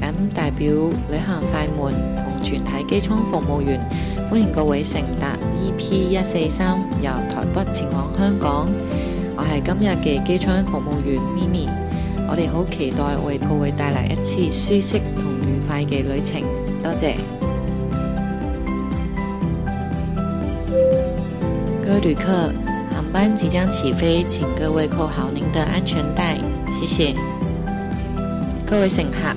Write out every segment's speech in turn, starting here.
咁代表旅行快門同全體機艙服務員歡迎各位乘搭 EP 一四三由台北前往香港。我係今日嘅機艙服務員蜜蜜，我哋好期待為各位帶來一次舒適同愉快嘅旅程。多謝各位旅客，航班即將起飛，請各位扣好您的安全帶，謝謝。各位乘客。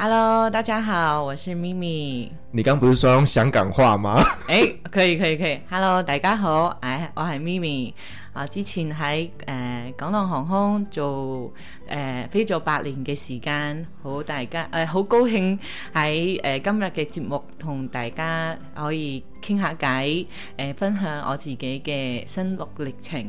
Hello，大家好，我是蜜蜜。你剛不是說用香港話嗎？誒，可以可以可以。Hello，大家好，誒，我係蜜蜜。我之前喺誒港龍航空做誒，飛咗八年嘅時間，好大家誒，好高興喺誒今日嘅節目同大家可以傾下偈，誒分享我自己嘅心路歷程。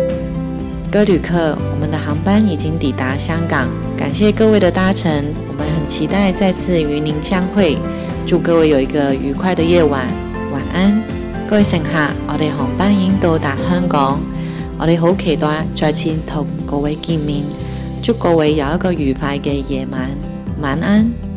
各位旅客，我們的航班已經抵達香港，感謝各位的搭乘，我們很期待再次與您相會，祝各位有一個愉快的夜晚，晚安。各位乘客，我哋航班已經到達香港，我哋好期待再次同各位見面，祝各位有一個愉快嘅夜晚，晚安。